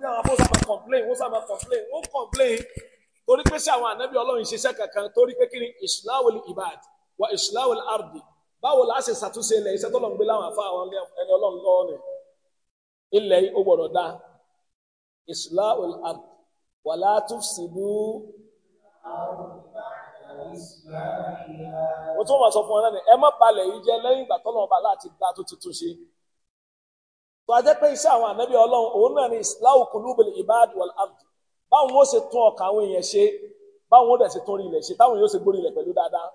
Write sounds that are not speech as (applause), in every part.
pé àwọn afọ́sà máa complain wọ́n sá máa complain ó complain torí pé sí àwọn ànábì ọlọ́run ṣiṣẹ́ kankan torí pé kí ni ìṣìláwò ìbàd wa ìṣìláwò àrùdì báwo la ṣe ṣàtúnṣe ilẹ̀ iṣẹ́ tó lọ́n gbé láwọn afá àwọn ẹni ọlọ́run lọ́wọ́ ni ilẹ̀ yìí ó gbọ́dọ̀ dá ìṣìláwò àrùdì wà látúnṣìbú. mo tún wà sọ fún wọn náà ni ẹ má balẹ̀ yìí jẹ́ lẹ́yìn ìgbà tọ́lọ́ tó a jẹ́ pé iṣẹ́ àwọn ànábì ọlọ́run òun náà ni islahu kulubul ibad wal abd báwọn ó ṣe tún ọkàn àwọn èèyàn ṣe báwọn ó dẹ̀ ṣe tún orí ilẹ̀ ṣe táwọn yóò ṣe gbórí ilẹ̀ pẹ̀lú dáadáa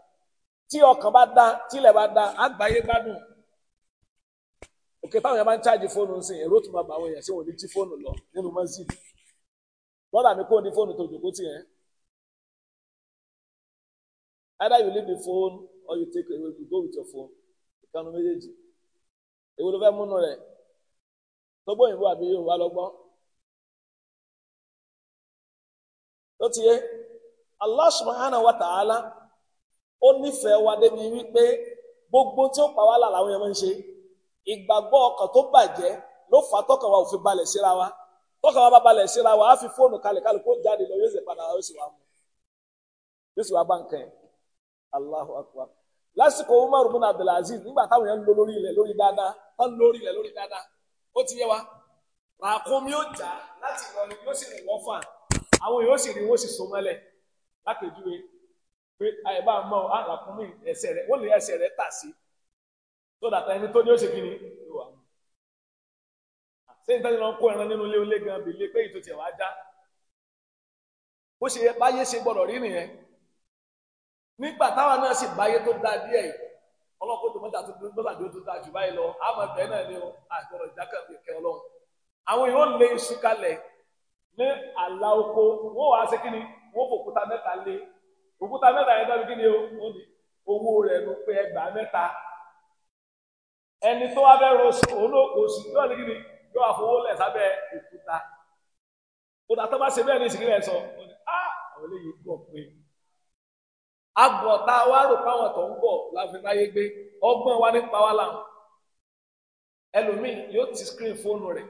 tí ọkàn bá dá tí ilẹ̀ bá dá àgbáyé gbádùn òkè táwọn yẹn bá ń ṣáàjì fóònù sí èrò tó máa bá àwọn èèyàn ṣé wọn ní tí fóònù lọ nínú mọ́síd bọ́dà mi either you leave the phone or you take you go with your phone ìkànnì méjèèjì èwo ló fẹ́ múnú rẹ̀ lọ́gbọ́n òyìnbó àbí yorùbá lọ́gbọ́n tó ti yé Allah subhanahu wa ta'ala ó nífẹ̀ẹ́ wa débi wípé gbogbo tí ó pa wá lára àwọn èèyàn máa ń ṣe ìgbàgbọ́ ọkàn tó bàjẹ́ ló fà á tọkàn wa ò fi balẹ̀ síra wa tọkàn wa bá balẹ̀ síra wa á fi fóònù kalẹ̀ kálukú jáde lọ yóò sì padà yóò sì wá mú yóò sì wá bá nǹkan yẹn Allahu akbar lásìkò Umar bin Abdulaziz nígbà táwọn èèyàn ń lo lórí ilẹ̀ lórí dáadáa tán lórí ilẹ̀ lórí dáadáa ó ti yẹ wa ràkúnmí ó jà láti Ìlọrin yóò sì rìn wọ́n fà àwọn yóò sì rìn wọ́n sì so mọ́lẹ̀ lápèjúwe pé àyẹ̀bá mọ́ ọ ah, ràkúnmí ẹsẹ̀ rẹ̀ wọ́n lè ẹsẹ̀ rẹ̀ tà sí tó dàtà ẹni tó ní ó ṣe kí ni yóò wà mú sẹ́yìn táyà lọ kó ẹran nínú ilé olé gan bìlẹ̀ pé ètò tiẹ̀ wá já bó ṣe báyé ṣe gbọ́dọ̀ rí nìyẹn nígbà táwa náà sì báyé tó dá díẹ̀ yìí ọlọ́kọ́ tó mọ́tà tó mọ́tà tó tó ta jù báyìí lọ àmọ́ bẹ́ẹ̀ náà ni ó àtọ̀rọ̀ ìdákàbí kẹ́ ọlọ́run àwọn yóò lé iṣu kalẹ̀ ní àlà oko wọ́n wàá ṣe kíni wọ́n fò òkúta mẹ́ta lé òkúta mẹ́ta yẹn dábí kíni ó ní owó rẹ̀ ló pé ẹgbàá mẹ́ta ẹni tó wá bẹ́ẹ̀ rọṣù olóòkòṣù yóò ní kíni yóò àfọwọ́lẹ̀ sábẹ́ òkúta òkúta tó bá ṣe bẹ́ẹ̀ ní ìsìnkú rẹ̀ sọ ó ní ah! agbọ̀ tá a wá rò páwọn tó ń bọ̀ láfi láyé gbé ọgbọ́n wa nípa wa làwọn ẹlòmíì yóò ti screen fóònù rẹ̀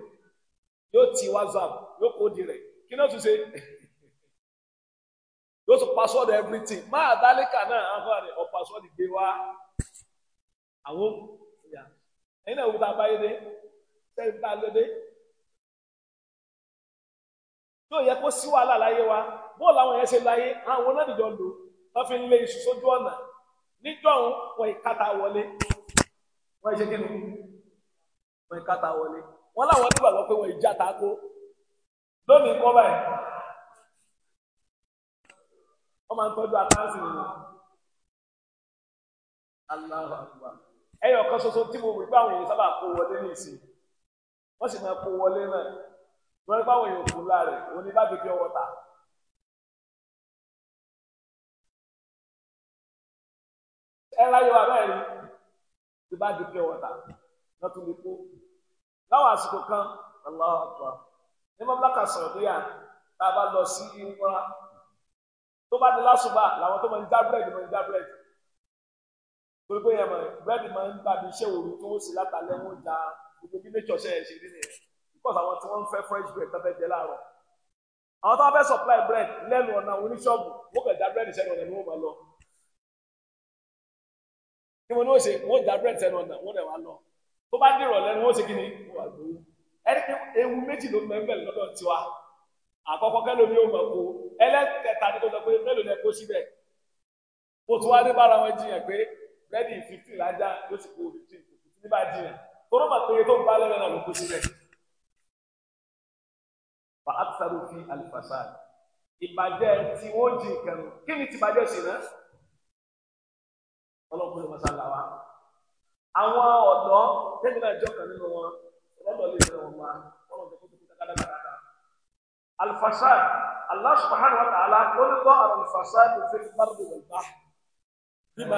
yóò ti whatsapp yóò kó di rẹ̀ kí ló tún ṣe (laughs) yóò tún password everything máa dálíkà náà àǹfààní ọ̀ password gbé wá àwọn ìyá ẹ̀yin náà wò tá a bá yé dé sẹ́yìn tá a lé dé yóò yẹ kó sí wàhálà láyé wa bóòlù àwọn yẹn ṣe láyé àwọn náà nìjọ lò ó wọ́n fi ń lé iṣu sójú ọ̀nà níjọ́hún wọ́n ìkátà wọlé wọ́n ìṣe kí ni wọ́n ìkátà wọlé wọ́n láwọn nígbàgbọ́ pé wọ́n ìjà tako lónìí kọ́ báyìí wọ́n máa ń tọ́jú àkáǹsì rẹ̀ aláwọ̀ àgbà ẹyọ kan ṣoṣo tí mo wí pé àwọn èèyàn sábà kó wọlé ní ìsìn wọ́n sì máa kó wọlé náà wọ́n rí pé àwọn èèyàn kú láàrẹ̀ òní bá bèbí ọwọ́ ta. ẹ ráyè wà bẹ́ẹ̀ ni tí bá di pure water lọ́ tún lè kó láwọn àsìkò kan Allahu Akbar ní mọ́bíláka sọ̀rọ̀ tó yà tá a bá lọ sí ìmúra tó bá di lásùbà làwọn tó máa ń já búrẹ́dì máa ń já búrẹ́dì torí pé ẹ̀mọ̀ búrẹ́dì máa ń gbàdí iṣẹ́ òru tó ó sì látàlẹ́ wọn já gbogbo bí nature ṣe ṣe rí nìyẹn because àwọn tí wọ́n ń fẹ́ fresh bread tó fẹ́ jẹ láàárọ̀ àwọn tó wọ́n fẹ́ supply bread lẹ́nu ọ̀nà oníṣọ́ọ̀bù wọ́n kẹ̀ já búrẹ́dì sẹ́nu ọ̀nà ni wọ́n máa lọ kí wọn ní wọn ṣe wọn já bírèdì sẹ́nu ọ̀nà wọn rẹ̀ wá lọ tó bá dé ìrọ̀lẹ́ ni wọn ṣe kí ni wọn gbowó ẹni pé ewu méjì ló mẹ́fẹ́ lọ́dọ̀ tiwa àkọ́kọ́ kẹ́lómi ò mọ̀ kó ẹlẹ́kẹta ni kò sọ pé mélòó lẹ kó síbẹ̀ kó tó wá dé bára wọn jiyàn pé bírèdì fifteen lájà ló sì kó fifteen nígbà jiyàn tó rọ́mà pé tó ń bá lẹ́rẹ̀ náà ló kó síbẹ̀ fa aksaru fi alifasad ìbàjẹ́ tí wọ́n jí kẹrù kí ni tìbàjẹ́ sí náà. àwọn ọ̀dọ́ tẹ́mi náà jọ kàn nínú wọn lọ́dọ̀ lè fẹ́ wọn wá wọn lọ́dọ̀ tó kúta kádàkádà. alfasad Allah subhanahu wa ta'ala ló ní kọ́ àrùn alfasad tó fi bárbi wọ̀ bá. bíbá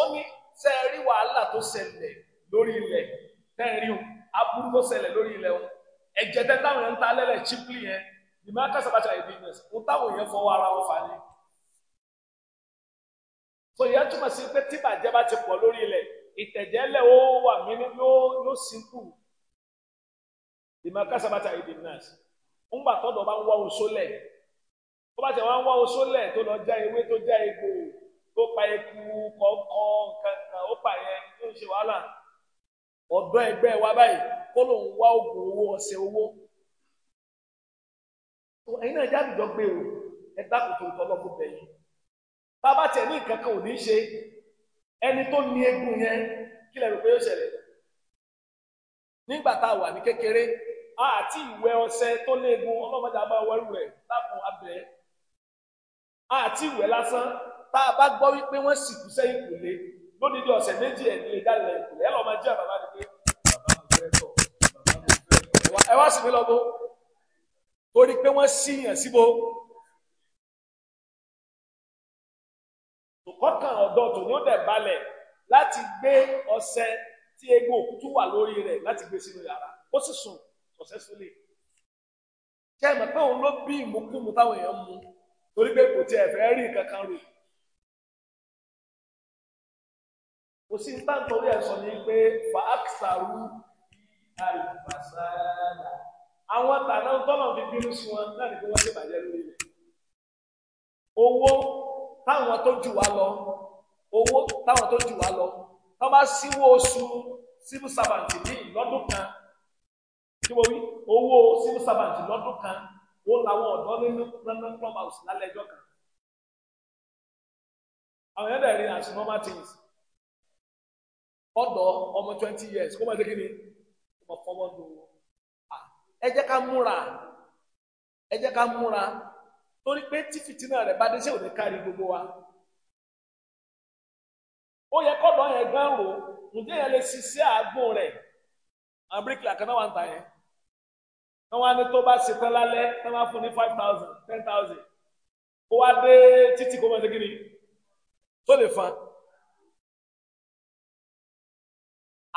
ó ní tẹ́ ẹ rí wàhálà tó ṣẹlẹ̀ lórí ilẹ̀ tẹ́ ẹ rí o aburú tó ṣẹlẹ̀ lórí ilẹ̀ o ẹ̀jẹ̀ tẹ́ táwọn yẹn ń ta alẹ́ so ìyẹn túmọ̀ sí pé tí ìbàjẹ́ bá ti pọ̀ lórí ilẹ̀ ìtẹ̀jẹ́lẹ̀ ó wà mí ní yóò sínkù ìmọ̀ kásábàtà ìdè nọ́ọ̀sì ńgbà tọ́dọ̀ bá ń wá oṣó wá ń wá oṣó lẹ̀ tó lọ já kankan ó pa yẹn ṣe wàhálà ọ̀dọ́ ẹgbẹ́ wa báyìí kó ló ń wá oògùn owó ọ̀sẹ̀ owó bàbá tẹ̀ ní nǹkan kan ò ní ṣe ẹni tó ní egun yẹn kí lẹ rò pé yóò ṣẹlẹ̀ nígbà tá a wà ní kékeré àti ìwẹ̀ ọṣẹ tó léegun ọlọ́mọdé a máa wẹ́rù rẹ̀ lápò abẹ́ àti ìwẹ̀ lásán tá a bá gbọ́ wípé wọ́n sì kú sẹ́yìn kò lé lódìdí ọ̀sẹ̀ méjì ẹ̀ nílé dálẹ̀ ìkùlẹ̀ ẹ̀ lọ́ máa jẹ́ bàbá mi pé bàbá mi fẹ́ tọ̀ bàbá mi fẹ́ tọ̀ ẹ wá sí mi lọ́gbó torí pé wọ́n síyàn síbo ọkàn ọ̀dọ́ tòní ó dẹ̀ balẹ̀ láti gbé ọṣẹ tí egbò òkútù wà lórí rẹ̀ láti gbé sínú yàrá ó sì sùn ọ̀sẹ̀ sólè kí ẹ mọ̀ pé òun ló bí ìmúkúmu táwọn èèyàn mu torí pé kò tiẹ̀ fẹ́ rí nǹkan kan rò kò sí ní táǹtọ̀ orí ẹ̀sọ́ ni pé fàákìsàrú àlùfàṣàlà àwọn tàná tọ́nà fi bínú sí wọn náà ní kí wọ́n ṣe bàjẹ́ lórí rẹ̀ owó táwọn tó jù wá lọ owó táwọn tó jù wá lọ tó bá síwó oṣù civil servant ní lọ́dún kan kí wọ́n wí owó civil kan ó làwọn ọ̀dọ́ nínú london club house lálẹ́ ẹjọ́ kan àwọn yẹn dẹ̀rin as normal things ọmọ twenty years kó máa ni ọmọ fọwọ́ lò torí pé tí fìtínà rẹ̀ bá dé ṣé ò kárí gbogbo wa ó yẹ kọ́dọ̀ yẹn gbọ́n rò ǹjẹ́ yẹn lè ṣiṣẹ́ àágùn rẹ̀ àwọn bíríkìlà kan náà wà ń ta yẹn wọ́n wá ní tó bá ṣe tán lálẹ́ tán bá fún ní five thousand ten thousand kó wá dé títí kó máa ṣe kíni tó lè fa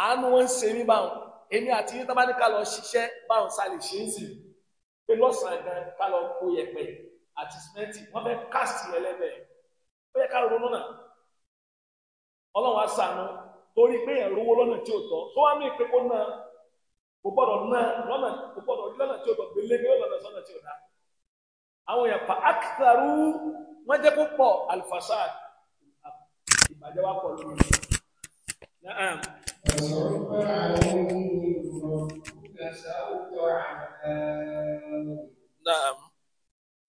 àánú wọn ń ṣe mí báwọn èmi àti yín tábà lọ ṣiṣẹ́ báwọn sá ṣe é sí pé lọ́sàn-án gan ká lọ kó yẹpẹ̀ yìí. àti simẹnti wọn fẹẹ kásì ẹlẹbẹ ó yẹ ká ronú náà Ọlọ́run torí pé yẹn lọ́nà tí ò tó wà ní ìpínpó náà kò gbọ́dọ̀ náà lọ́nà kò gbọ́dọ̀ rí lọ́nà tí tí àwọn pa akitaru wọn jẹ wa lórí.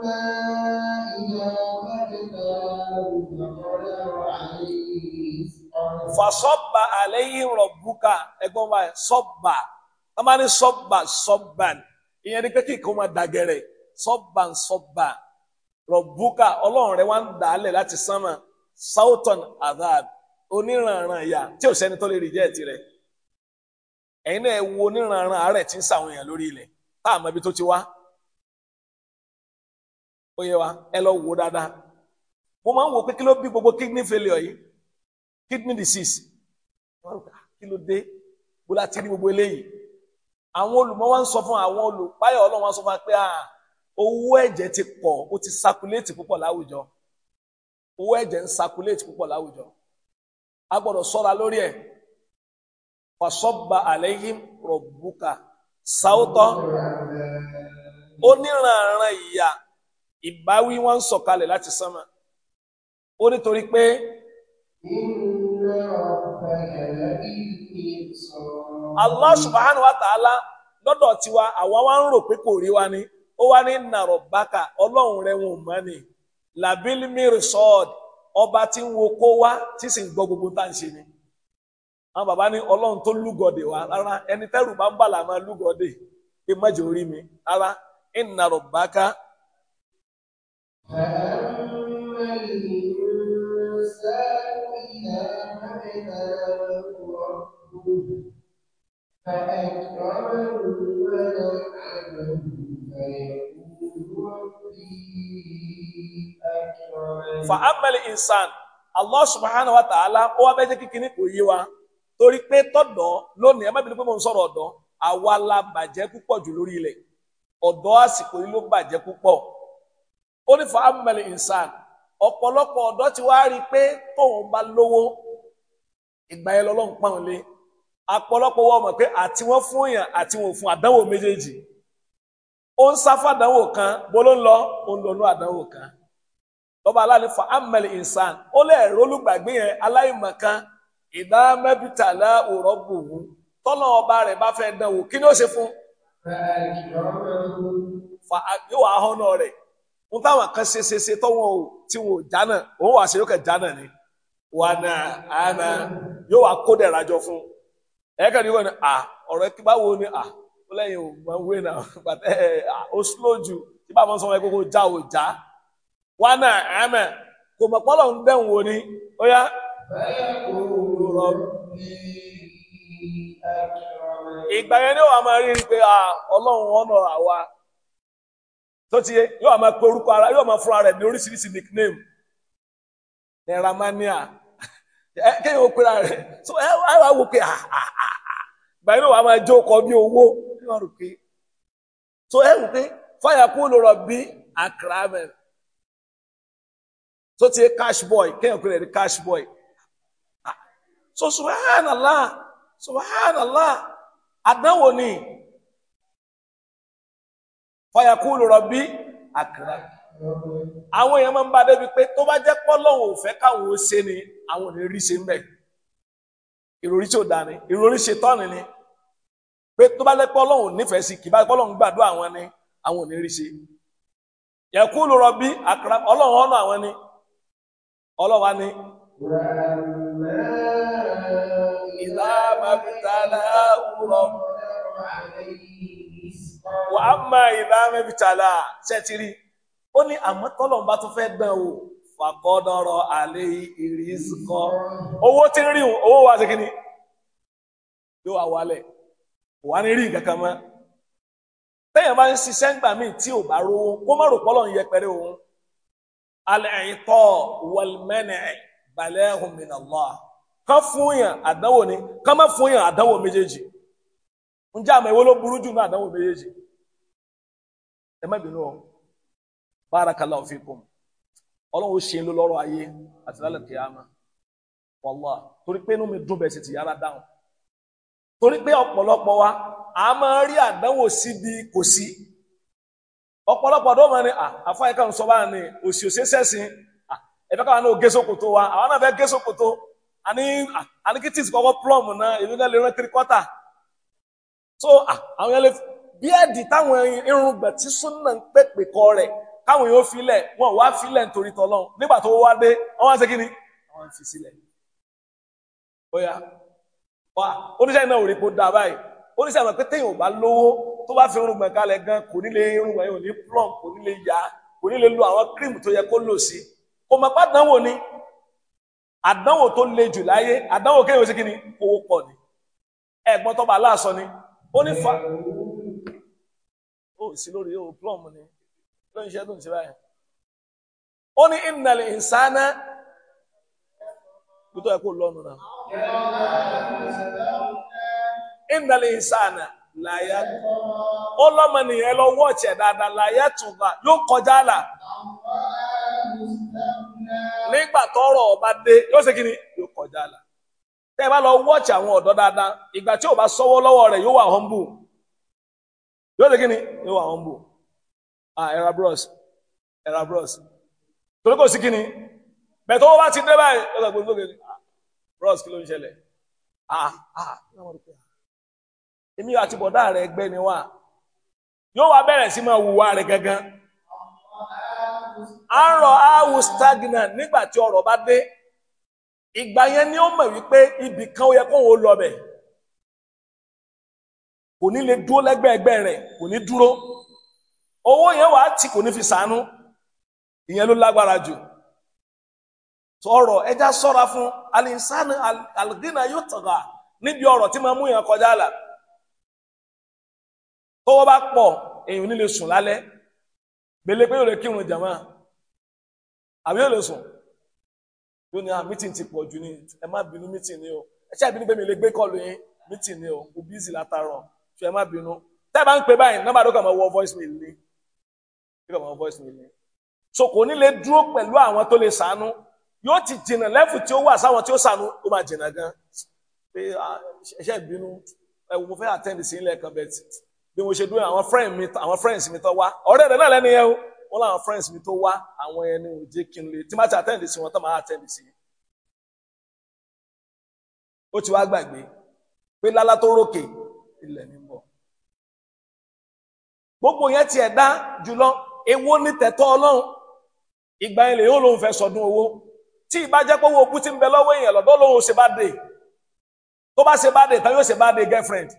فلما إذا قدرناه فقدر عليه فصب عليهم ربك ẹ̀gbọ́n wa sọba a máa ní sọba sọban ìyẹn ní kékeré kó máa dàgẹrẹ sọban sọba rọbùkà Ọlọ́run rẹ wá ń dà á lẹ láti sánmà sautan adab oníranran ìyà tí ò sẹ́ni tó lè rí jẹ tirẹ̀ ẹ̀yin náà wo oníranran àárẹ̀ tí ń sàwọn èèyàn lórí ilẹ̀ tá a mọ ibi tó ti wá ó yẹ wa ẹ lọ wò dáadáa mo máa ń wò pé kí ló bí gbogbo kidney failure yìí kidney disease wọn rò ah, kí ló dé bó la ti rí gbogbo eléyìí àwọn olùmọ̀ wa ń sọ fún àwọn olùpáyọ Ọlọ́run wa ń sọ fún wa pé ah, owó ẹ̀jẹ̀ ti pọ̀ ó ti circulate púpọ̀ láwùjọ owó ẹ̀jẹ̀ ń circulate púpọ̀ láwùjọ a gbọ́dọ̀ ṣọ́ra lórí ẹ̀ fasọba àlẹyìn rọbùkà sáwùtọ oníranran ìyá ìbáwí wọn ń sọ̀kalẹ̀ láti sánmà ó nítorí pé. Allah subhanahu wa ta'ala lọ́dọ̀ tiwa àwa wa ń rò pé kò rí wa ni ó wá ní nàrọ̀ ọlọ́run rẹ̀ mọ́ ni tó lúgọ̀dẹ̀ ẹni tẹ́rù bá ń bà láàmú lúgọ̀dẹ̀ orí mi rárá الإنسان إذا ما ابتلاه Allah wa ta'ala ó wá bẹ́ẹ̀ jẹ́ kíkiní kò yé wa torí pé tọ̀dọ̀ lónìí ẹ má bínú pé mo ń sọ̀rọ̀ ọ̀dọ́ àwa la bàjẹ́ fa ìsàn ọ̀pọ̀lọpọ̀ ọ̀dọ́ ti wá rí i pé tóun bá lówó ìgbà yẹn lọ́lọ́run pọ́n lé àpọ̀lọpọ̀ wọ́n mọ̀ pé àti wọ́n fún èèyàn àti wọn ò fún àdánwò méjèèjì ó ń àdánwò kan bó ló ń lọ ó ń àdánwò kan aláàánú fa amẹ́lì ìsàn ó lè rólùgbàgbé yẹn ìdá mẹ́bìtàlá gbòòwò ọba rẹ̀ bá fẹ́ dánwò kí ni ó ṣe fún. fa rẹ̀ wọn táwọn kan ṣe o tí wọn ò dáná òun wàá ni wà nà ànà yóò wàá kó dẹ̀ rajọ fún wọn ni à ọ̀rọ̀ ẹ báwo ni à ó lẹ́yìn o máa ń wé náà (laughs) bàtẹ́ ẹ ó slow ju tí bá wọn sọ wọn kókó já o já wà nà ànà kò mọ̀ pọ́lọ̀ ń dẹ̀hùn wò ni ó yá. ìgbà yẹn ni wàá máa rí tó ti yé yóò máa pe orúkọ ara yóò máa fúnra rẹ̀ ní oríṣiríṣi nickname naira mania ẹ kéèyàn ó pera rẹ̀ so ẹ wá wò pé gbà yín náà wàá máa jó kọ bí owó ẹ wá rò pé so ẹ wò pé fáyà kú ló rọ bí àkàràmẹ tó ti yé cash boy kéèyàn pera rẹ̀ cash boy ah. so subhanallah Allah, àdánwò ni. fọyàkúlù rọbí àkàrà àwọn èèyàn máa ń bá débi pé tó bá jẹ́ pọ́lọ́hùn òfẹ́ káwọn ó ni àwọn ò rí ṣe ń bẹ̀ ìròrí tí ni ìròrí ṣe tọ́ni ni pé tó bá nífẹ̀ẹ́ sí kì bá gbàdúrà àwọn ni àwọn ò rí ṣe rọbí àkàrà ọlọ́run ọ̀nà àwọn ni ọlọ́wà ni. wà á mọ ìlà mẹ́bìtàlá ṣẹ́tìrì ó ní àmọ́ tọ́lọ̀ bá tún fẹ́ gbẹ̀ o fàkọ́dọ̀rọ̀ àlẹ́ ìrìsìkọ́ owó tí ń rí owó wa ṣe kí ni ló wà wálẹ̀ kò wá ní rí nǹkan kan mọ́ téèyàn bá ń ṣiṣẹ́ ńgbà míì tí ò bá rówó kó má rò pọ́lọ̀ ń yẹpẹrẹ òun alẹ́yìntọ́ wọlmẹ́nẹ̀ balẹ̀ ọ̀hùnmínàlọ́ kán fún yàn àdánwò ni kán má fún yàn àdánwò méjèèjì ǹjẹ́ àmọ́ ìwọ ló burú jù ní àdánwò méjèèjì ẹ má bínú o barakallahu fikum ọlọ́run ṣe lọrọ ayé àti lálẹ́ kìáma wàllá torí pé inú mi dùn bẹ́ẹ̀ sì ti yára dáhùn torí pé wa a máa rí àdánwò síbi kò sí ọ̀pọ̀lọpọ̀ ọ̀dọ́ máa ní àfáyíká ń sọ bá ni òsì òsì sẹ́sìn ẹ̀fẹ́ káwọn náà gé sókòtò wa àwọn náà fẹ́ gé sókòtò àní kọ́kọ́ plọ́ọ̀mù náà èmi náà lè rán tírí kọ́tà so àwọn bí ẹ̀dì táwọn irùngbọ̀n tí súnà ń pèpè kọ rẹ̀ káwọn yóò filẹ̀ wọn wá filẹ̀ nítorí tọ́lọ́ nígbà tó wá dé wọn wá ṣe kí ni wọn fi sílẹ̀. bóyá wa oníṣẹ́ náà ò rí kó dáa báyìí oníṣẹ́ àmọ́ pé téèyàn ò bá lówó tó bá fi irùngbọ̀n kalẹ̀ gan kò ní lè irùngbọ̀n yóò ní plum kò ní lè kò ní lo àwọn kírìmù tó yẹ kó lò sí kò mọ̀ pé àdánwò ni àdánwò tó le jù láyé àdánwò kéèyàn ó ṣe kí ni owó pọ̀ ni ẹ̀gbọ́n tó bá aláàsọ ni ó ní fa. ó sí lórí ó plum ni ló ń ṣe tó ń báyìí. ó ní innal insana kí tó lọ́nu náà. innal insana làyà ó lọ́mọ nìyẹn lọ wọ́ọ̀tì ẹ̀ dáadáa làyà tùgbà yóò kọjá là nígbà tọ́rọ̀ ọba dé yóò ṣe kíni yóò kọjá là tẹ́ ẹ bá lọ wọ́ọ̀tì àwọn ọ̀dọ́ dáadáa ìgbà tí ò yóò gịnị ịwà àwọn mbụ ah ẹ̀rọ bros ẹ̀rọ bros torí kò sí gịnị bẹ̀tọ́ wọ́n bá ti dé báyìí ó lọ gbogbo gẹ̀ẹ́ bros kí ló ń ṣẹlẹ̀ ah ah èmi àti bọ̀dá rẹ̀ ẹgbẹ́ ni wà yóò bẹ̀rẹ̀ sí máa wùwà rẹ̀ gangan à ń rọ áwù stagnant nígbà tí ọrọ̀ bá dé yẹn ni ó mọ̀ wípé ibì kan ó yẹ kò ní lè dúró lẹ́gbẹ̀ẹ́gbẹ́ rẹ̀ kò ní dúró owó yẹn wàá tí kò ní fi sànú ìyẹn ló lágbára jù ọ̀rọ̀ ẹja ṣọ́ra fún alinsani algina yóò tọ̀gà níbi ọ̀rọ̀ tí máa mú yẹn kọjá là tọ́wọ́ bá pọ̀ èèyàn nílé sùn lálẹ́ gbélé pé yóò lè kírun jàmá àbí yóò lè sùn yóò ní ah, mítìn ti pọ̀ jù ní ẹ má bínú mítìn ni o ẹ ṣáà bínú pé mi lè gbé kọlù yín mítìn ni o kò bíìsì látàárọ̀ ṣe ẹ má bínú tẹ́ ẹ bá ń pè báyìí nọ́mbà ló kàn máa wọ voice mail ni ló kàn máa wọ voice mail ni so kò ní lè dúró pẹ̀lú àwọn tó lè sànú yóò ti jìnnà lẹ́fù tí ó wà sáwọn tí ó sànú ó máa jìnnà gan pé ṣe ìbínú ẹ wò mo fẹ́ àtẹ́ndì sí ilé ẹ̀kan bẹ́ẹ̀ bí mo ṣe dúró àwọn friend mi àwọn friends mi tó wá ọ̀rẹ́ rẹ̀ náà lẹ́nu yẹn o wọ́n láwọn friends mi tó wá àwọn ẹni ò jẹ́ tí má ti àtẹ́ndì sí wọn tó máa àtẹ́ndì sí. ó ti wá gbàgbé pé lálá tó rókè ilẹ̀ ni gbogbo yẹn tiẹ̀ dá jùlọ èwo ní tẹ̀tọ́ ọlọ́run ìgbà yẹn lèyìn olóhùn fẹ́ sọdún owó tí ìbá jẹ́ pé owó ogún ti ń bẹ lọ́wọ́ èèyàn lọ́dọ́ lòun ṣe bá dé tó bá ṣe bá dé tán yóò ṣe bá dé girlfriend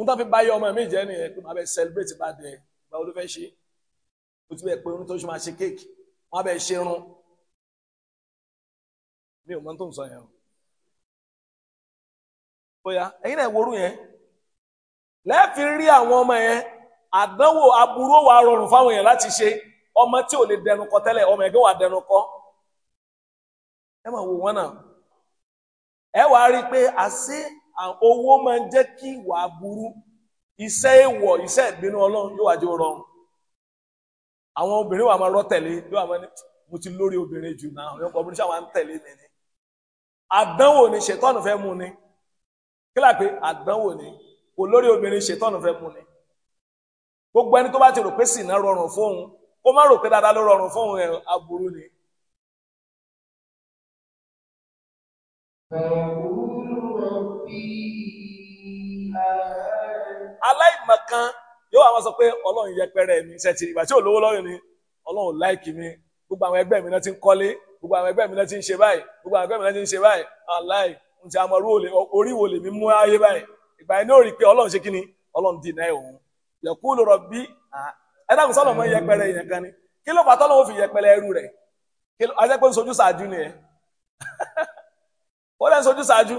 n tó fi bá yọ ọmọ mi jẹ nìyẹn tó máa bẹ celebrate bá dé ìgbà wo ló fẹ́ ṣe o ti bẹ pé oní tó ṣe máa ṣe kéèkì wọn bẹ ṣe irun mi ò mọ tó ń sọ yẹn o bóyá ẹ̀yin náà worú yẹn lẹ́ẹ̀fi rí àwọn ọmọ yẹn àdánwò aburú wà rọrùn fáwọn èèyàn láti ṣe ọmọ tí ò lè dẹnu kọ tẹ́lẹ̀ ọmọ ẹ̀gbẹ́ wà dẹnu kọ ẹ máa wò wọ́n náà ẹ wàá rí i pé àṣé owó máa ń jẹ́ kí ìwà aburú iṣẹ́ èèwọ̀ iṣẹ́ ìbínú ọlọ́run yóò wá jẹ́ rọrùn àwọn obìnrin wà máa rọ́ tẹ̀lé yóò wá máa ní mo ti lórí obìnrin jù náà àwọn ọkọ̀ obìnrin ṣàwọn ń tẹ̀lé nìyẹn àdánwò ni ṣètọ́nù fẹ́ mú ni kí pé àdánwò ni kò lórí obìnrin ṣètọ́nù fẹ́ mú ni gbogbo ẹni tó bá ti rò pé sìnà rọrùn fóun kó má rò pé dáadáa ló rọrùn fóun ẹ̀ aburú ni. aláìmọ̀kan yóò àwọn sọ pé ọlọ́run yẹpẹrẹ mi ṣẹ́tì ìgbà tí ò lówó lọ́rùn ni ọlọ́run láìkì mi gbogbo àwọn ẹgbẹ́ mi náà ti ń kọ́lé gbogbo àwọn ẹgbẹ́ mi náà ti ń ṣe báyìí gbogbo àwọn ẹgbẹ́ mi náà ti ń ṣe báyìí aláì ń ti orí wo lèmi mú ayé báyìí ìgbà yẹn ní ó rí i pé ọlọ́run ṣe kí ni ọlọ́run dì náà òun yẹ̀kú lọ́rọ̀ bí ẹ dákun sọ́nà mọ́ yẹpẹrẹ yẹn kan ni kí ló fà tọ́lọ́wọ́ fi yẹpẹrẹ ẹrú rẹ̀ ajẹ́ pé ń sojú ṣáájú ni ẹ (laughs) ó lẹ́ ń sojú ṣáájú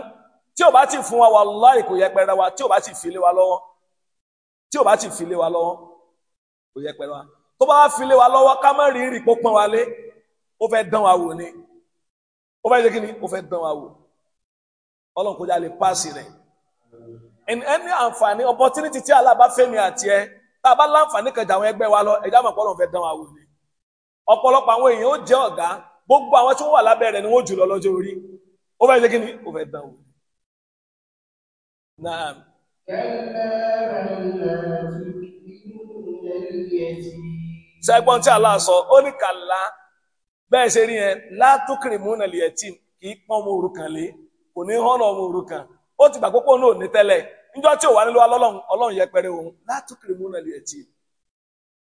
tí ò bá ti fún wa wàláhì kò yẹpẹrẹ wa tí ò bá ti fi lé wa lọ́wọ́ tí ò bá ti fi lé wa lọ́wọ́ kò yẹpẹrẹ wa tó bá fi lé wa lọ́wọ́ ká má rí rí pópọn wa lé ó fẹ́ dán wa wò ni ó fẹ́ ṣe kí ni ó fẹ́ dán wa wò ọlọ́run kò já lè páàsì rẹ̀ in any àǹfààní opportunity tí aláàbá fẹ́mi àti ẹ tá a bá láǹfààní kẹjà àwọn ẹgbẹ́ wa lọ ẹ̀dá àmọ́ ọ̀pọ̀lọpọ̀ fẹ́ dán wa wò ni ọ̀pọ̀lọpọ̀ àwọn èèyàn ó jẹ́ ọ̀gá gbogbo àwọn tí wọ́n wà lábẹ́ rẹ̀ ni wọ́n jù lọ lọ́jọ́ orí ó fẹ́ ṣe kí ni ó fẹ́ dán wò. naam. sẹ́gbọ́n tí aláà sọ ó ní kàlá bẹ́ẹ̀ ṣe rí yẹn látúkìrìmù nàlẹ́ yẹtìm kì í pọ́n ọmọ òrukàn lé kò ní hàn ọmọ òrukàn ó ti gbàgbọ́ pé òun náà ní tẹ́lẹ̀ níjọ́ tí ò wá nílò ọlọ́run ọlọ́run yẹpẹrẹ òun látòkèrè mú nàlẹ́ ẹ̀tì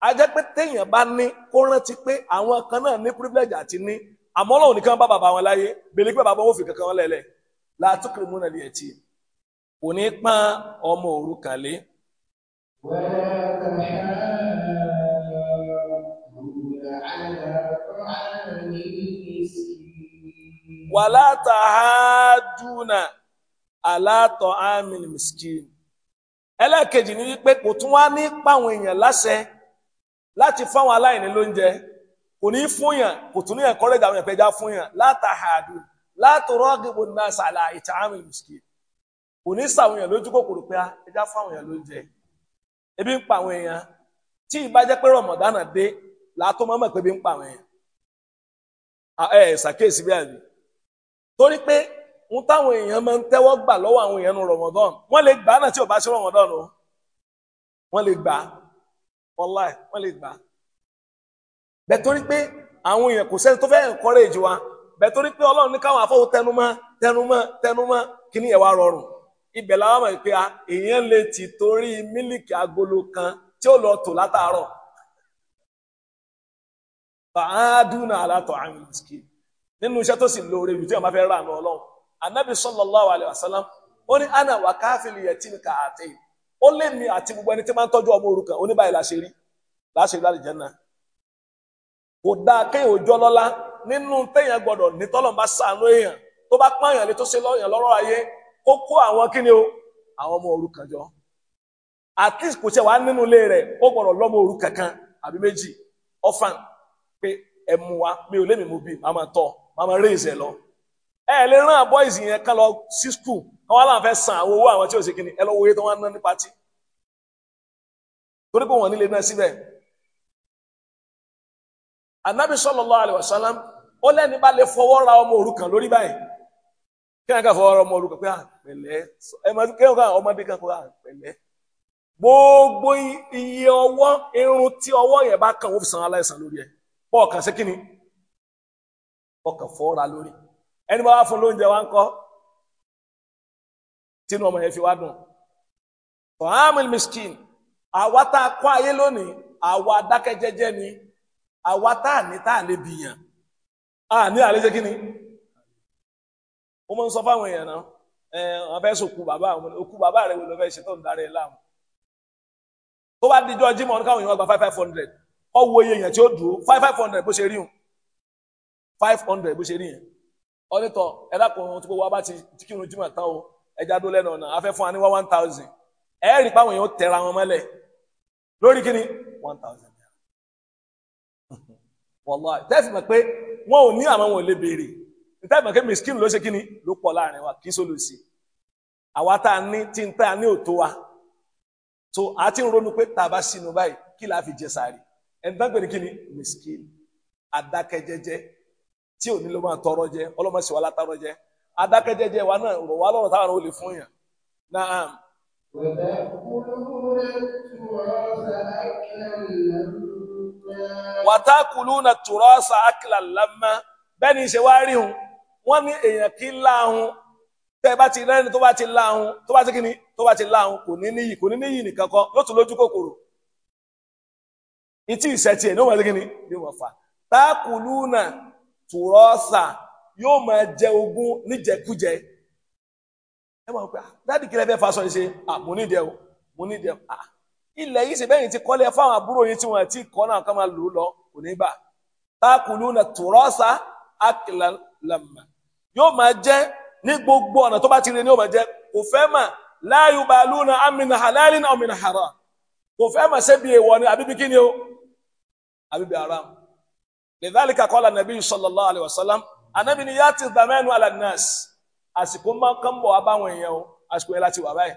a jẹ́ pé téèyàn bá ní kó rántí pé àwọn kan náà ní privilege àti ní àmọ́ ọlọ́run nìkan bá bàbá wọn láyé bèlè pé bàbá wọn ò fi kankan wọn látòkèrè mú nàlẹ́ kò ní ọmọ wàlá tàhádùnà. aláàtọ̀ amin miskin ẹlẹ́ẹ̀kejì ni wípé kò tún wá ní páwọn èèyàn lásẹ láti fáwọn aláìní lóúnjẹ kò ní kò tún ní ẹ̀kọ́ rẹ̀ gàwọn èèyàn pẹja fún yàn náà sàlà ìtà amin kò ní sàwọn èèyàn lójú kòkòrò pé ah, fáwọn èèyàn ebi ń pa àwọn èèyàn tí pé rọ̀mọ̀dánà dé ebi ń pa àwọn èèyàn ẹ̀ ohun táwọn èèyàn máa ń tẹ́wọ́ gbà lọ́wọ́ àwọn èèyàn nu rọ̀mọ̀dán wọ́n lè gbà náà tí ò bá sí rọ̀mọ̀dán o wọ́n lè gbà ọlá ẹ̀ wọ́n lè gbà. bẹ́ẹ̀ torí pé àwọn èèyàn kò sẹ́ni tó fẹ́ encourage wa bẹ́ẹ̀ torí pé ọlọ́run ní káwọn afọ́wò tẹnumọ́ tẹnumọ́ tẹnumọ́ kí ni ẹ̀wà rọrùn ibẹ̀ làwọn mọ̀ pé èèyàn lè ti torí mílìkì agolo kan tí ó lọ tò látàárọ̀ nínú iṣẹ́ tó sì lóore jù tí wọ́n bá fẹ́ rà ní ọlọ́run anabi sallallahu alayhi wa sallam ó ní ana wà káfíìlì yẹn tí mi kà á tẹ ó lé mi àti gbogbo ẹni tí máa ń tọ́jú ọmọ òrukàn ó ní báyìí la ṣe rí la ṣe rí láti jẹ́ náà kò dáa kéèyàn òjọ́ lọ́lá nínú téèyàn gbọ́dọ̀ ní tọ́lọ̀ bá sànú èèyàn tó bá pààyàn lè tó ṣe lọ́yàn lọ́rọ̀ ayé kó kó àwọn kí ni o àwọn ọmọ òrukàn jọ at kò ṣe wàá nínú ilé rẹ̀ ó gbọ́dọ̀ lọ́mọ òrukàn kan àbí méjì orphan pé ẹ wa mi ò lè mi mú bí màmá tọ́ màmá raise lọ ẹ lè rán boys yẹn kán lọ sí school àwọn aláwọ̀ fẹ́ san owó àwọn tí ò sí kíni ẹ lọ wo iye ná ní pati torí pé wọ́n nílé náà síbẹ̀. anabi sallallahu alaihi wasallam ó bá lè fọwọ́ ra ọmọ kan lórí báyìí kí ka kà fọwọ́ ra ọmọ òrukàn pé à pẹ̀lẹ́ ẹ máa kan à gbogbo iye irun tí yẹn bá kàn fi san aláìsàn lórí ẹ kàn sí kíni fọwọ́ ra lórí. ẹni bá wá fún lóúnjẹ wá ń kọ́ tínú ọmọ yẹn fi wá dùn ọ̀hámìl miskin àwa tá a kọ́ ayé lónìí àwa dákẹ́jẹ́jẹ́ ni àwa tá a ní tá a lè bìyàn a ní àlejò kí ni ó mọ̀ ń sọ fáwọn èèyàn náà ẹ wọn fẹ́ sọ̀kù bàbá àwọn òkú bàbá rẹ̀ wò ló fẹ́ ṣe tó ń darí ẹ̀ láàmú tó bá dijọ́ jimoh ní káwọn èèyàn gba five five hundred ọwọ́ iye èèyàn tí ó dùn five five hundred bó ṣe rí yùn five hundred bó ṣe rí yẹn ọ̀nìtọ̀ ẹ dákun ohun tí gbogbo wa bá ti kírun jimá tán o ẹja dó lẹ́nu ọ̀nà afẹ́ fún wa ní wá one thousand ẹ rí i páwọn èèyàn tẹra wọn mọ́lẹ̀ lórí kíni one thousand naira (laughs) wàllá tẹ́sí mọ̀ pé wọn ò ní àwọn wọn ò lè béèrè tẹ́sí mọ̀ pé miskin ló ṣe kíni ló pọ̀ láàrin wa kì í sólùsì àwa tá a ní tí n tá a ní òtó wa so a ti ń ronú pé tá a bá sínú báyìí kí la fi jẹ sáré ẹ̀ ń dágbére kíni miskin adákẹ́jẹ́jẹ́ tí ò ní ló máa tọrọ jẹ ọlọmọsí wa látàrọ jẹ adákẹ́jẹ́jẹ́ wa náà rọ̀ wá lọ́rọ̀ táwọn olè fún yàn náà. wàtákùlù na sa àkìlà lámà bẹ́ẹ̀ ni ṣe wá rí hun wọ́n ní èèyàn kí láhun tẹ́ bá ti rẹ́ni tó bá ti láhun tó bá ti kíni tó bá ti láhun kò ní níyì kò ní níyì nìkan kan yóò tún lójú kòkòrò ìtì ìṣẹ́tì ẹ̀ ní wọ́n ti kíni ní wọ́n fà tákùlù na. tùrọ́sà yóò máa jẹ ogún níjẹkújẹ ẹ máa pẹ́ ah, dáàdì kí lẹ fẹ́ fasọ yìí ṣe ah, mo ní ìdẹ́wò mo ní ìdẹ́wò ah, ilẹ̀ yìí ṣe bẹ́ẹ̀ yìí ti kọ́lé fáwọn àbúrò yìí tí wọ́n ti kọ́ náà ká máa lò ó lọ kò ní bà táàkùlù na tùrọ́sà àkìlà làmà yóò máa jẹ ní gbogbo ọ̀nà tó bá ti rí ni yóò máa jẹ kò fẹ́ mà láàyò bàálù na amina halali na amina haram kò fẹ́ mà ṣe bí ni àbíbí kí ni o àbíbí haram lidhalika qala nabi sallallahu alayhi wa sallam anabi ni yati dhamanu ala nas àsìkò máa kán bọ̀ wá báwọn èèyàn o àsìkò yẹn láti wà báyìí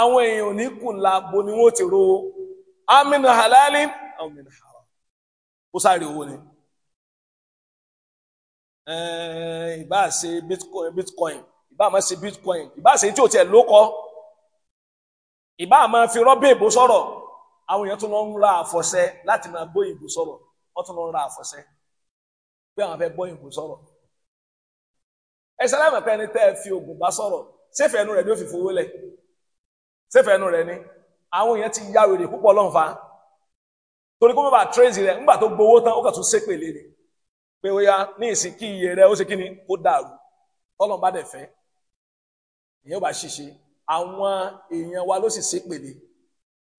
àwọn èèyàn ní kùnlá bo ni wọn ti rówó aminu halali aminu haram ó sáré owó ni ìbá ṣe bitcoin ìbá máa ṣe bitcoin ìbá ṣe tí o tiẹ̀ ló kọ́ ìbá máa fi rọ́bì ìbò sọ̀rọ̀ àwọn èèyàn tó lọ ń ra àfọ̀ṣẹ láti máa bó ìbò sọ̀rọ̀ wọ́n tún lọ ra àfọ̀ṣẹ́ pé àwọn fẹ́ gbọ́ ìgò sọ̀rọ̀ ẹ sálámà fi ogun bá sọ̀rọ̀ ṣéfẹ̀ ẹnu rẹ ni ó fi fowó lẹ̀ ṣéfẹ̀ ẹnu ni àwọn èèyàn ti ya wèrè púpọ̀ lọ́nfà torí kó má bàa tírèzì rẹ̀ ńgbà tó gbowó tán ó kà tún ni pé ó yá ní ìsìn kí iye rẹ̀ ó ṣe kí ni dàrú tọ́lọ̀ bá dẹ̀ wa ló sì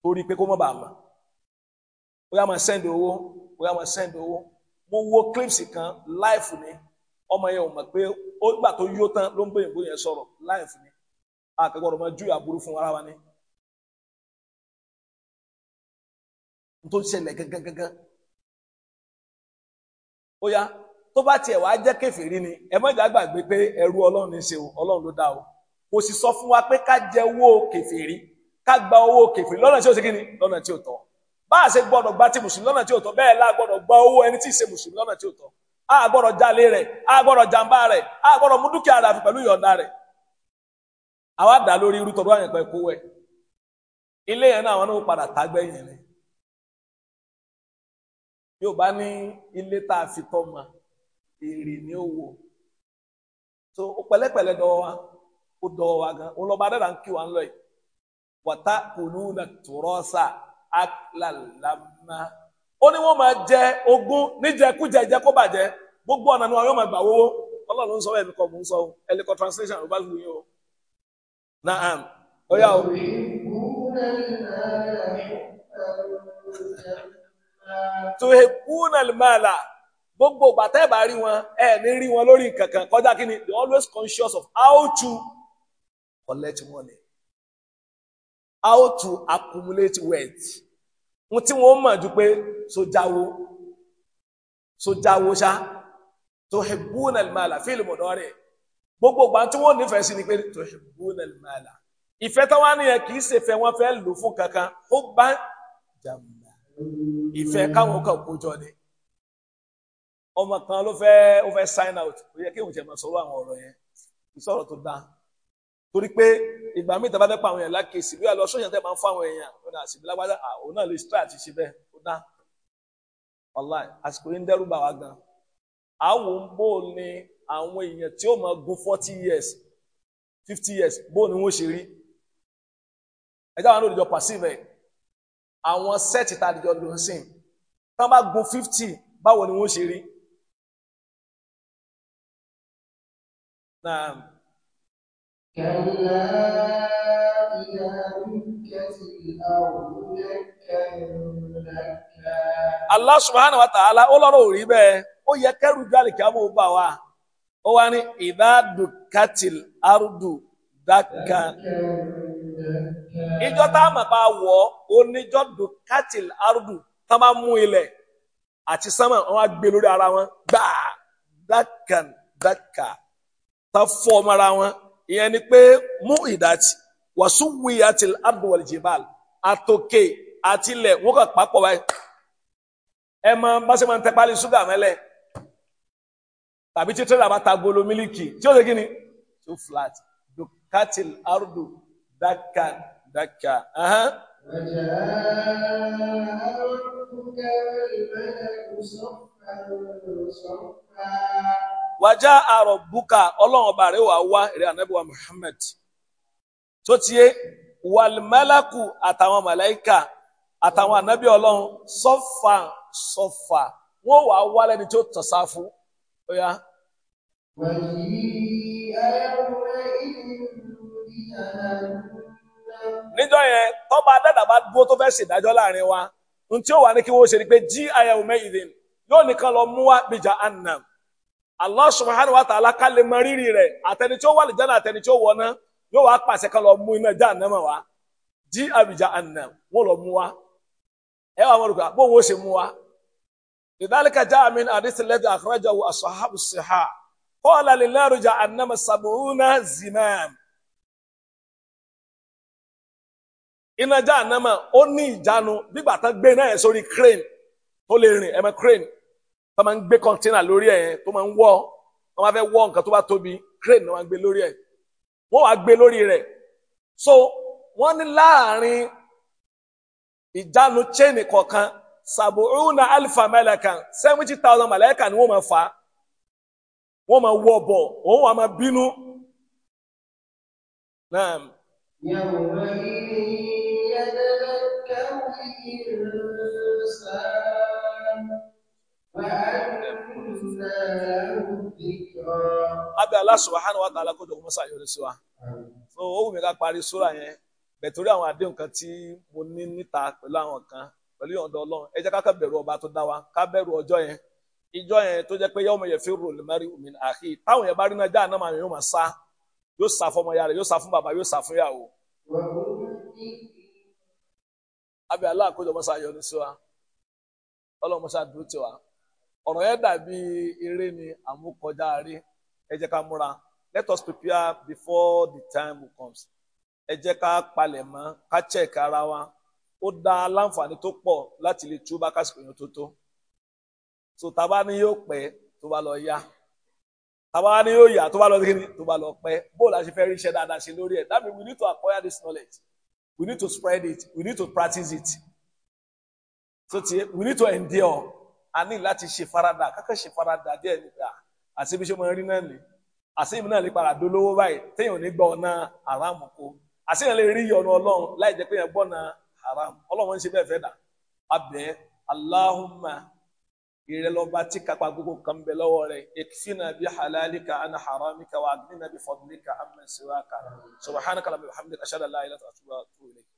torí pé kó má bàa mọ̀ ó yá máa bóyá wọ́n sẹ́ndì owó mụ wo clips kan live ni ọmọ yẹn ò mọ̀ pé ó gbà tó yó tán ló ń bóyá bóyá yẹn sọrọ live ni àkẹ́kọ̀ọ́ ọmọ ju àbúrú fún ara wa ni. tó ṣẹlẹ̀ gangan ó yá tó bá tiẹ̀ wá jẹ́ ni ẹ gbàgbé pé ẹrú ọlọ́run ní ṣe ọlọ́run ló dá o kò sì sọ fún wa pé ká jẹ owó ká gba owó lọ́nà tí ó ṣe bá a ṣe gbọ́dọ̀ gba ti mùsùlùmí lọ́nà tí ò tọ́ bẹ́ẹ̀ la gba owó ẹni tí ì ṣe mùsùlùmí lọ́nà tí ò tọ́ a gbọ́dọ̀ jalè rẹ̀ a jamba jàǹbá rẹ̀ a gbọ́dọ̀ mú dúkìá rẹ̀ àfi pẹ̀lú ìyọ̀ǹda rẹ̀ àwa dà lórí irú tọdún àyànpẹ kó wẹ ilé yẹn náà náà padà rẹ yóò bá ní ilé tá a fi tọ́ ma èrè ní owó dọwọ wa o dọwọ wa gan ń kí wa ń lọ yìí wàtá aklalama ó ní n'ije máa jẹ ogún níjẹkújẹ gbogbo ọ̀nà ni wọn yóò máa gbà wọ́wọ́ ọlọ́run ń sọ ẹ̀mí mò ń sọ translation ló bá lù yín o naam ó yà o. n'elu almala gbogbo bàtà ẹ̀ bá rí wọn ẹ̀ ní rí wọn lórí kankan kọjá kí ni they always conscious of how to collect money how to accumulate wealth. ohun tí wọ́n mọ̀ ju pé sojawo sojawo ṣá tó hibbuna almala fíìlì mọ̀dọ́ rẹ̀ gbogbo ìgbà tí wọ́n nífẹ̀ẹ́ sí ni pé tó hibbuna almala ìfẹ́ táwa nìyẹn kì í ṣe fẹ́ wọ́n fẹ́ lò fún kankan ó bá jàmbá ìfẹ́ káwọn kan kó jọ ni ọmọ kan ló fẹ́ ó fẹ́ sign out ó yẹ kí òun jẹ̀ máa sọ̀rọ̀ àwọn ọ̀rọ̀ yẹn ìsọ̀rọ̀ tó dáa torí pé ìgbà míì tàbá fẹ́ pa àwọn èèyàn lákèsí bí wàá lọ sọ́yìn tẹ́ máa ń fún àwọn èèyàn ó náà sì lágbádá àwọn náà lè strat ṣe bẹ́ẹ̀ ó dá ọ̀la àsìkò yìí ń dẹ́rù bà wá gan àwọn ń bò ní àwọn èèyàn tí ó máa gun forty years fifty years bó ni wọ́n ṣe rí ẹ̀dá àwọn olùjọ pàṣípẹ̀ àwọn sẹ́ẹ̀tì tá a dìjọ lò sí tí wọ́n bá gun fifty báwo ni wọ́n ṣe rí. Naam. كلا إذا دكت الأرض دكا Allah subhanahu wa ta'ala ó lọ́rọ̀ ò rí bẹ́ẹ̀ ó yẹ kẹ́rù ju àlìkámọ́ ó bà wá ó wá ní idha dukkatil ardu dákà ìjọ tá a mọ̀ bá wọ̀ ó níjọ́ dukkatil ardu tá a máa mú ilẹ̀ àti sánmà wọn á gbé lórí ara wọn gbà dákà dákà tá a fọ́ ọmọ ara wọn ìyẹn ni pé mú ìdàtì wàásù wíyà til abdul jibal àtòkè àtilẹ̀ wọ́n kàn pápọ̀ báyìí ẹ mọ bá ṣe máa ń tẹ pálí ṣúgà mẹ́lẹ̀ tàbí tí tírélà ta gbolo mílíkì tí ó ṣe kí ni tó flat dukatil ardu daka daka. وجاء wàjà àrọ̀ bùkà ọlọ́run ọba rẹ̀ wà wá rẹ̀ anabiwa muhammed tó tiẹ̀ wàlmẹ́lẹ́kù àtàwọn màláìkà àtàwọn ànábì ọlọ́run sọ́fà sọ́fà wọ́n wà wá lẹ́ni tó tọ̀ sá fún ó yẹn dúró tó fẹ́ ṣèdájọ́ láàrin wa ó wà ní kí wọ́n ṣe ni pé jí ayẹwo mẹ́yìndín yóò nìkan lọ mú wa bíjà Allah subhanahu wa ta'ala ká lè mọ rírì rẹ̀ àtẹni tí ó wà lè jẹ́nà àtẹni tí ó wọ̀ ná yóò wá pàṣẹ kan lọ mú iná jahannama wá jí àbíjà àná wọ́n lọ mú wa ẹ wà wọ́n rò pé bóun ó ṣe mú wa. lidhalika ja'a min hadith alladhi akhrajahu ashabu sihah qala lin nari jahannama sab'una zimam. iná jahannama ó ní ìjánu bí tó máa ń gbé kọ́ńtínà lórí ẹ̀ tó máa ń wọ́ wọ́n máa fẹ́ wọ́ nǹkan tó bá tóbi crane máa gbé lórí ẹ̀ wọ́n wàá gbé lórí rẹ̀ so wọ́n ní láàrin ìjánu chain kọ̀ọ̀kan sàbùrúnà alifa mẹ́lẹ̀kà seventy thousand mẹ́lẹ̀kà ni wọ́n máa fà á wọ́n máa wọ bọ̀ òun wàá máa bínú. يومئذ يتذكر الإنسان abẹ́ Allah hàn wa ta'ala kó jọ kọ́mọ́sá yọrí sí so ó wù mí ká parí sóra yẹn bẹ̀tọ́rí àwọn àdéhùn kan tí mo ní níta pẹ̀lú àwọn kan pẹ̀lú ìyọ̀ǹda ọlọ́run ẹ ká ọba tó dá wa ká yẹn ìjọ yẹn tó jẹ́ pé yẹ́wò mọ̀ yẹ fi rò lẹ́mẹ́rì omi àhí táwọn yẹn bá rí náà yóò máa sá yóò sá fún ọmọ ya yóò sá fún bàbá yóò sá fún ìyàwó. abẹ́ sí wa ọ̀rọ̀ yẹn dàbí eré ni àmúkọjá rí ẹ jẹ́ ká múra let us prepare before the time comes ẹ jẹ́ ká palẹ̀ mọ́ ká check ara wa ó dá láǹfààní tó pọ̀ láti lè túbá kásìkò yẹn tó tó so tábà ní yóò pẹ́ tó bá lọ yá tábà ní yóò yá tó bá lọ kíni tó bá lọ pẹ́ bó la ṣe fẹ́ ríṣẹ́ dáadáa ṣe lórí ẹ̀ that means we need to acquire this knowledge we need to spread it we need to practice it so we need to endure a ní láti ṣe farada kákẹ́ ṣe farada díẹ̀ nígbà àti bí ṣe máa rí náà ni àṣeyìn náà lè padà dolówó báyìí téèyàn ní gbọ́ ọ̀nà haram kó àṣeyìn lè rí ọ̀nà ọlọ́run láì jẹ́ pé yẹn gbọ́ ọ̀nà haram ọlọ́run ń ṣe bẹ́ẹ̀ fẹ́ dà abẹ́ aláhùnmá ìrẹ́lọ́ba tí kápá gbogbo kan bẹ lọ́wọ́ rẹ̀ ekfina bi halalika ana haramika wa agnina bi fadlika amma siwaka subhanaka rabbil hamdika ashhadu an la ilaha illa anta astaghfiruka wa atubu ilayk